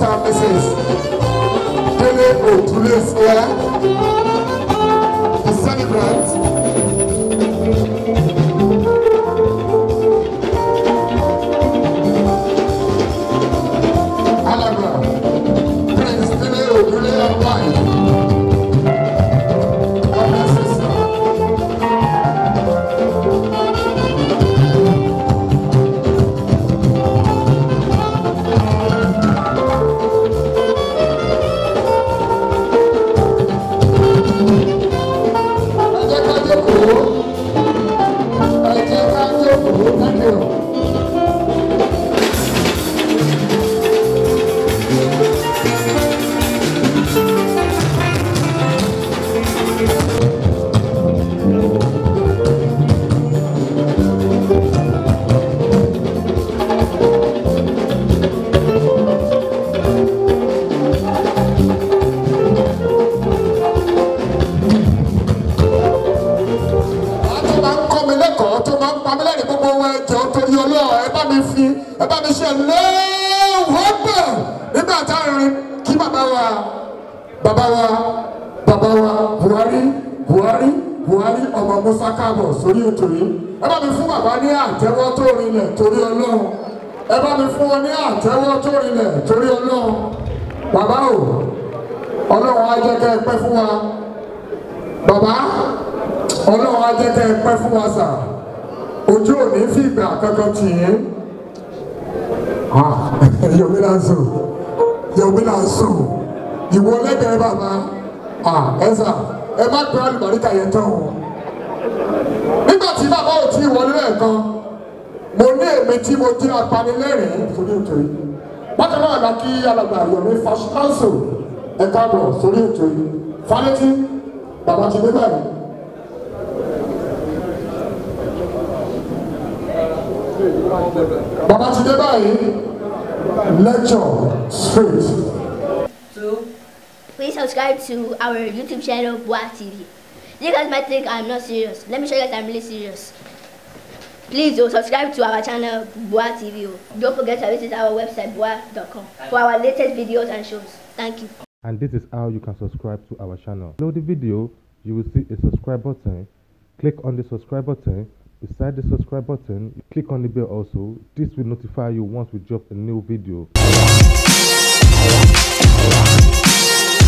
Mr. and Mrs. Dele Otule Square. the mi fi ẹ bá mi ṣe lẹ́wọ́gbọ̀ nígbà táwọn kí bàbá wa bàbá wa bàbá wa Buhari Buhari Buhari ọmọ Musa káàbọ̀ sórí ètò yìí ẹ bá mi fún bàbá ní àtẹ́wọ́ tó rinlẹ̀ torí Ọlọ́run ẹ bá mi fún wọn ní àtẹ́wọ́ tó rinlẹ̀ torí Ọlọ́run bàbá o Ọlọ́run á jẹ́ kẹ́ ẹ pẹ́ fún wa bàbá Ọlọ́run á jẹ́ kẹ́ ẹ pẹ́ fún wa sà ojú ò ní fi ìgbà kankan tì yín. Yomi la sùn Yomi la sùn ìwọ lẹ́gẹ̀ẹ́ bàbá ẹ̀sà ẹ má gbé alùbáríkà yẹn tán o. Nígbà tí bàbá ò tí ì wọlé lẹ́ẹ̀kan mo ní èmi tí mo jẹ́ apanilẹ́rìn-ín sórí ètò yìí. Bákan náà la kí alàgbà Yomi Fashion Council ẹ̀ka bọ̀ sórí ètò yìí. Fálétí bàbá ti dé báyìí. Baba So, please subscribe to our YouTube channel Boa TV. You guys might think I'm not serious. Let me show you guys I'm really serious. Please oh, subscribe to our channel Boa TV. Oh. Don't forget to visit our website boa.com for our latest videos and shows. Thank you. And this is how you can subscribe to our channel. Below the video, you will see a subscribe button. Click on the subscribe button Beside the subscribe button, click on the bell also. This will notify you once we drop a new video.